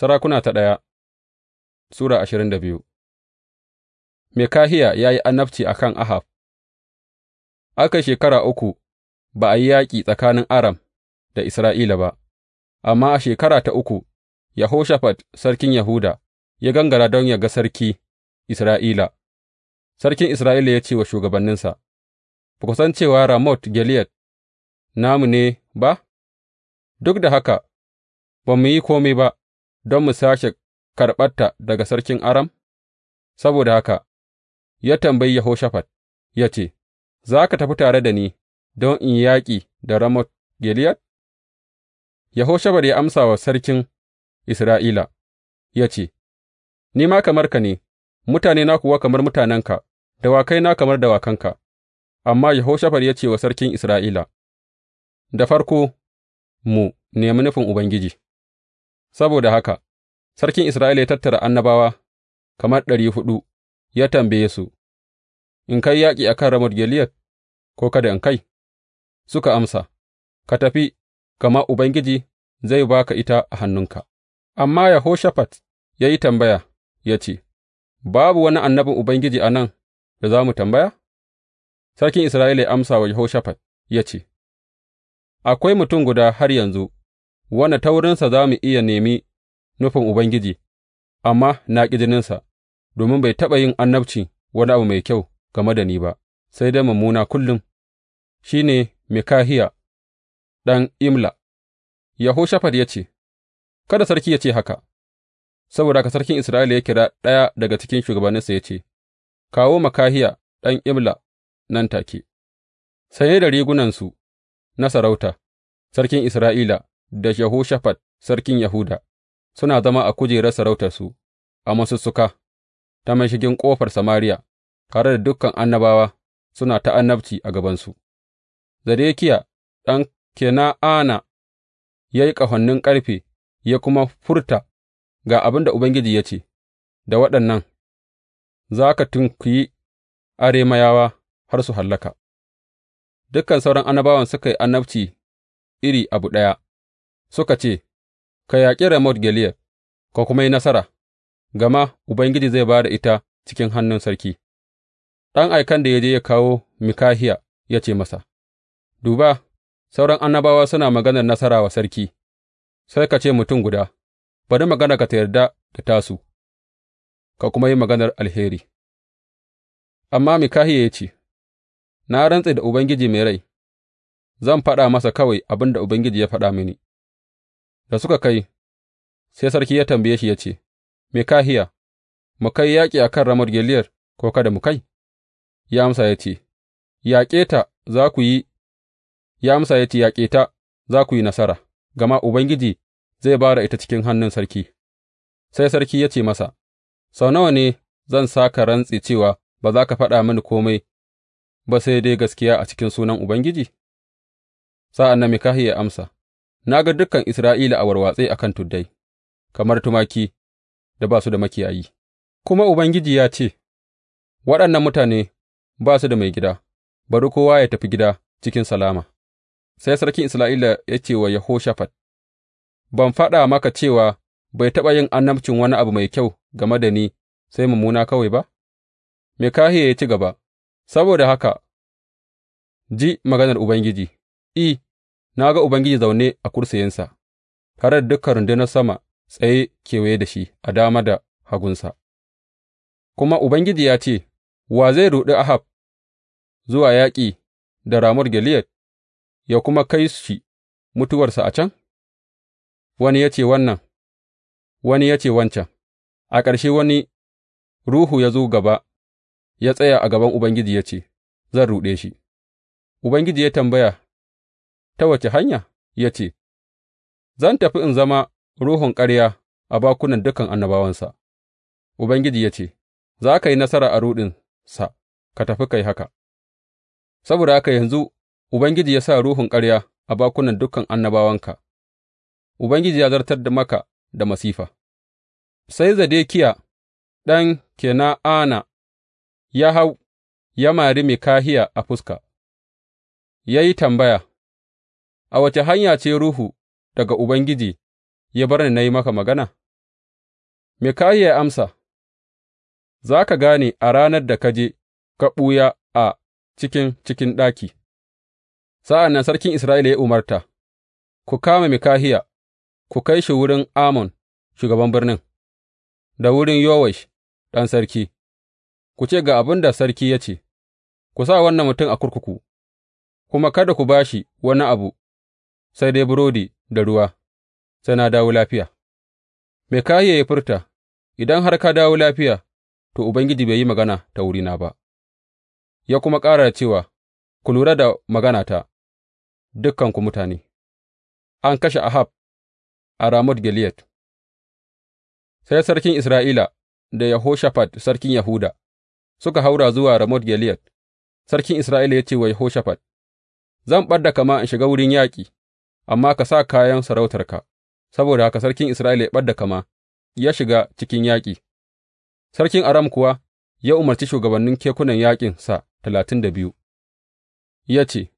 Sarakuna ta ɗaya Sura ashirin da biyu Mekahiya ya yi annabci a kan Ahab Aka shekara uku ba a yi yaƙi tsakanin Aram da Isra'ila ba, amma a shekara ta uku, Yahoshafat sarkin Yahuda ya gangara don ya ga sarki Isra'ila. Sarkin Isra'ila ya ce wa shugabanninsa, Ba ku san cewa Ramot Gilead namu ne ba? Duk da haka, ba mu yi kome ba. don mu sāke karɓarta daga sarkin Aram? Saboda haka ya tambayi Yehoshafat ya ce, Za ka tafi tare da ni don in yaƙi da Ramot Gileyad? Yehoshafat ya amsa wa sarkin Isra'ila ya ce, Ni ma kamar ka ne, Mutane na kuwa kamar mutanenka, dawakai na kamar dawakanka. Amma Yehoshafat ya ce wa sarkin Isra'ila, Da farko mu nemi nufin Ubangiji. Saboda haka sarkin Isra'ila ya tattara annabawa kamar ɗari huɗu ya tambaye su, In kai yaƙi a kan Ramot Gileyad ko kada in kai? Suka amsa, Ka tafi, gama Ubangiji zai ba ka ita a hannunka. Amma Yehoshafat ya yi tambaya ya ce, Babu wani annabin Ubangiji a nan da za mu tambaya? Sarkin Isra'ila ya amsa wa Yehoshafat ya ce, Akwai mutum guda har yanzu wanda ta wurinsa za mu iya nemi nufin Ubangiji, amma na ƙi jininsa, domin bai taɓa yin annabci wani abu mai kyau game da ni ba, sai dai mummuna kullum, shi ne Mikahiya ɗan Imla. Yahoshafat ya ce, Kada sarki ya ce haka, saboda ka sarkin Isra'ila ya kira ɗaya daga cikin shugabanninsa ya ce, Kawo Makahiya ɗan Imla nan take, saye da rigunansu na sarauta, sarkin Isra'ila da Yehoshafat sarkin Yahuda suna zama a kujerar sarautarsu a masussuka ta mashigin ƙofar Samariya, tare da dukan annabawa suna ta annabci a gabansu. Zadekiya ɗan Kena'ana ya yi ƙahonin ƙarfe ya kuma furta, Ga abin da Ubangiji ya ce, Da waɗannan za ka tunkuyi aremayawa har su hallaka. Dukan sauran annabawan suka yi annabci iri abu ɗaya. suka ce, Ka yaƙi Ramot Gileyad ka kuma yi nasara, gama Ubangiji zai ba da ita cikin hannun sarki. Ɗan aikan da ya je ya kawo Mikahiya ya ce masa, Duba, sauran annabawa suna maganar nasara wa sarki, sai ka ce mutum guda, bari ka ta yarda da tasu, ka kuma yi maganar alheri. Amma Mikahiya ya ce, Na rantse da Ubangiji mai rai, zan faɗa masa kawai abin da Ubangiji ya faɗa mini. Da suka kai, sai sarki ya tambaye shi ya ce, Mikahiya, mu kai yaƙi a kan Ramot Gileyad ko kada mu kai? Ya amsa ya ce, Yaƙe ta za ku yi, ya amsa ya ce, Yaƙe ta za ku yi nasara, gama Ubangiji zai ba da ita cikin hannun sarki. Sai sarki ya ce masa, Sau nawa ne zan saka rantse cewa ba za ka faɗa mini komai ba sai dai gaskiya a cikin sunan Ubangiji? Sa'an nan Mikahiya ya amsa. na ga dukan Isra'ila a warwatse a kan tuddai, kamar tumaki da ba su da makiyayi, kuma Ubangiji ya ce, Waɗannan mutane ba su da mai gida, bari kowa ya tafi gida cikin salama. Sai sarkin Isra'ila ya ce wa Yehoshafat, Ban faɗa maka cewa bai taɓa yin annabcin wani abu mai kyau game da ni sai mummuna kawai ba? Me Mikahiya ya ci gaba, saboda haka, ji maganar Ubangiji, I, Na ga Ubangiji zaune a kursiyinsa, tare da dukan rundunar sama tsaye kewaye da shi a dama da hagunsa, kuma Ubangiji ya ce, Wa zai ruɗi Ahab zuwa yaƙi da Ramur Gileyad, ya kuma kai shi mutuwarsa a can? Wani ya ce wannan, wani ya ce wancan, a ƙarshe wani ruhu ya zo gaba, ya tsaya a gaban Ubangiji ya ce, Zan ruɗe shi. Ubangiji ya tambaya Ta wace hanya? Ya ce, Zan tafi in zama ruhun ƙarya a bakunan dukan annabawansa, Ubangiji ya ce, Za ka yi nasara a ruɗinsa, ka tafi ka yi haka. Saboda haka yanzu Ubangiji ya sa ruhun ƙarya a bakunan dukan annabawanka, Ubangiji ya zartar da maka da masifa. Sai Zadekiya ɗan Kena'ana ya hau ya mari Mikahiya a fuska, ya yi tambaya. A wace hanya ce Ruhu daga Ubangiji ya bar ni na yi maka magana? Mikahiya ya amsa, Za ka gane a ranar da ka je ka ɓuya a cikin cikin ɗaki. Sa'an nan sarkin Isra'ila ya umarta, Ku kama Mikahiya, ku kai shi wurin Amon, shugaban birnin, da wurin Yowash, ɗan sarki, ku ce ga abin da sarki ya ce, Ku sa wannan mutum a kurkuku, kuma kada ku ba shi wani abu sai dai burodi da ruwa, sai na dawo lafiya. Mikahiya ya furta, Idan har ka dawo lafiya, to, Ubangiji bai yi magana ta wurina ba, ya kuma ƙara da cewa, Ku lura da maganata, dukanku mutane, an kashe Ahab a Ramot Gileyad. Sai sarkin Isra'ila da Yehoshafat sarkin Yahuda suka haura zuwa Ramot Gileyad, sarkin Isra'ila ya ce wa Yehoshafat, Zan ɓad da kama in shiga wurin yaƙi, amma ka sa kayan sarautarka, saboda haka sarkin Isra'ila ya ɓadda kama, ya shiga cikin yaƙi, sarkin Aram kuwa ya umarci shugabannin kekunan yaƙinsa talatin da biyu, ya ce,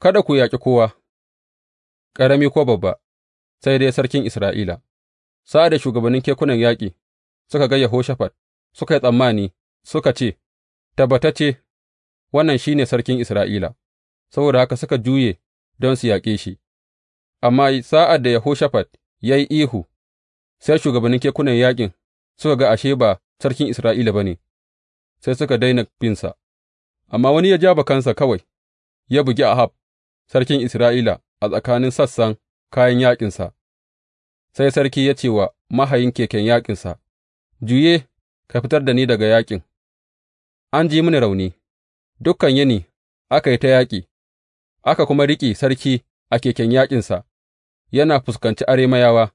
Kada ku yaƙi kowa, ƙarami ko babba, sai dai sarkin Isra'ila, sa'ad da shugabannin kekunan yaƙi suka ga Yehoshafat, suka yi tsammani, suka ce, Tabbatacce, wannan shi ne sarkin Isra'ila, saboda haka suka juye don su yaƙe shi. Amma sa'ad da Yehoshafat ya yi ihu, sai shugabannin kekunan yaƙin suka ga ashe ba sarkin Isra'ila ba ne, sai suka daina binsa, amma wani ya ja bakansa kawai ya bugi Ahab, sarkin Isra'ila a tsakanin sassan kayan yaƙinsa, sai sarki ya ce wa mahayin keken yaƙinsa, Juye, ka fitar da ni daga yaƙin, an ji mini rauni, dukkan yini aka yi ta yaƙi, aka kuma riƙe sarki a keken yaƙinsa yana fuskanci Arameyawa,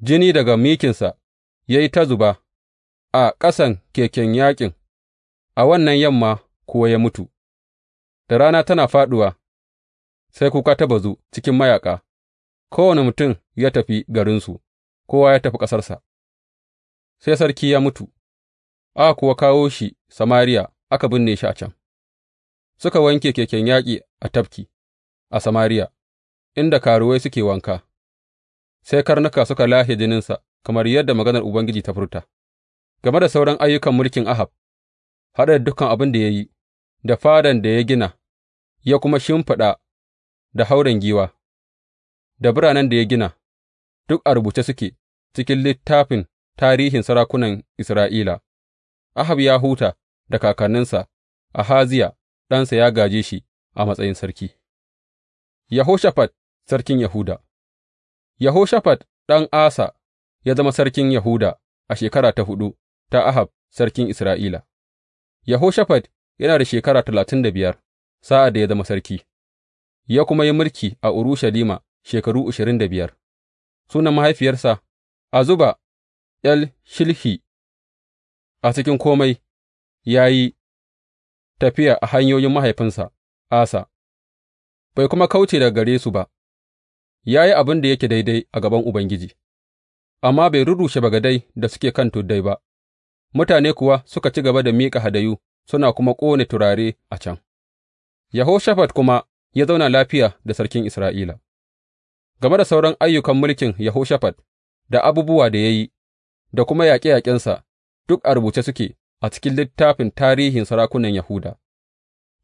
jini daga mikinsa ya yi ta zuba a ƙasan keken yaƙin, a wannan yamma kuwa ya mutu, da rana tana fāɗuwa, sai kuka ta bazu cikin mayaƙa, kowane mutum ya tafi garinsu, kowa ya tafi ƙasarsa, sai sarki ya mutu, aka kuwa kawo shi Samariya aka binne shi a can, suka wanke keken yaƙi a tafki a Samariya. inda karuwai suke wanka, sai karnuka suka lashe jininsa, kamar yadda maganar Ubangiji ta furta, game da sauran ayyukan mulkin Ahab, haɗe da dukan abin da ya yi, da fadan da ya gina, ya kuma shimfiɗa da hauren giwa, da biranen da ya gina, duk a rubuce suke cikin littafin tarihin sarakunan Isra'ila. Ahab ya huta da kakanninsa, Ahaziya ɗansa ya gaje shi a matsayin sarki. Yehoshafat sarkin Yahuda Yehoshafat ɗan Asa ya zama sarkin Yahuda a shekara ta hudu ta Ahab sarkin Isra'ila. Yehoshafat yana da shekara talatin da biyar sa'ad da ya zama sarki, ya kuma yi mulki a Urushalima shekaru ashirin da biyar. Sunan mahaifiyarsa Azuba 'yal Shilhi a cikin komai ya yi tafiya a hanyoyin mahaifinsa Asa, bai kuma kauce daga gare su ba. ya yi abin da yake daidai a gaban Ubangiji, amma bai rurrushe bagadai da suke kan tuddai ba, mutane kuwa suka ci gaba da miƙa hadayu suna kuma ƙone turare a can. Yehoshafat kuma ya zauna lafiya da sarkin Isra'ila. Game da sauran ayyukan mulkin Yehoshafat da abubuwa da ya yi, da kuma yaƙe-yaƙensa, duk a rubuce suke a cikin littafin tarihin sarakunan Yahuda,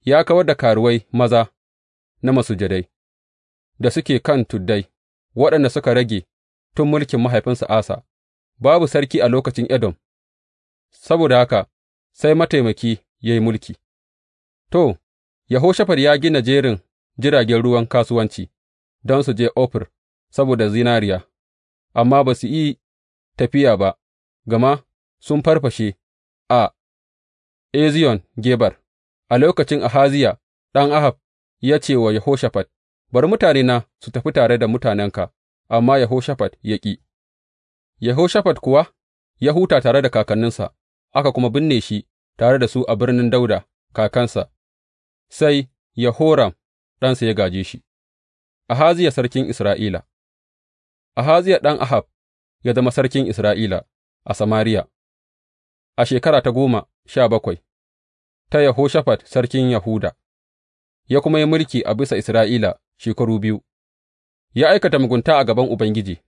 ya kawar da karuwai maza na masujadai. da suke kan tuddai, waɗanda suka rage tun mulkin mahaifinsa Asa, babu sarki a lokacin Edom, saboda haka sai mataimaki ya yi mulki. To, Yehoshafat ya gina jerin jiragen ruwan kasuwanci don su je Ofir saboda zinariya, amma ba su yi tafiya ba, gama sun farfashe a Eziyon Geber a lokacin Ahaziya ɗan Ahab ya ce wa Yehoshafat, Bari mutanena su tafi tare da mutanenka, amma Yehoshafat ya ƙi, Yehoshafat kuwa ya huta tare da kakanninsa, aka kuma binne shi tare da su a birnin Dauda kakansa, sai Yehoram ɗansa ya gaje shi, Ahaziya sarkin Isra'ila Ahaziya ɗan Ahab ya zama sarkin Isra'ila a Samariya a shekara ta goma sha bakwai ta Yehoshafat sarkin Yahuda, ya kuma yi mulki a bisa Isra'ila shekaru biyu, ya aikata mugunta a gaban Ubangiji,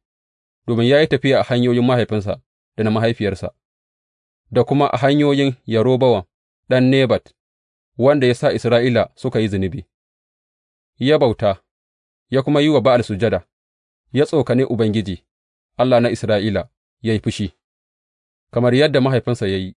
domin ya yi tafiya a hanyoyin mahaifinsa da na mahaifiyarsa, da kuma a hanyoyin Yerobowam ɗan Nebat, wanda ya sa Isra'ila suka yi zunubi, ya bauta, ya kuma yi wa Ba'al sujada, ya tsokane Ubangiji, Allah na Isra'ila, ya yi fushi, kamar yadda mahaifinsa ya yi.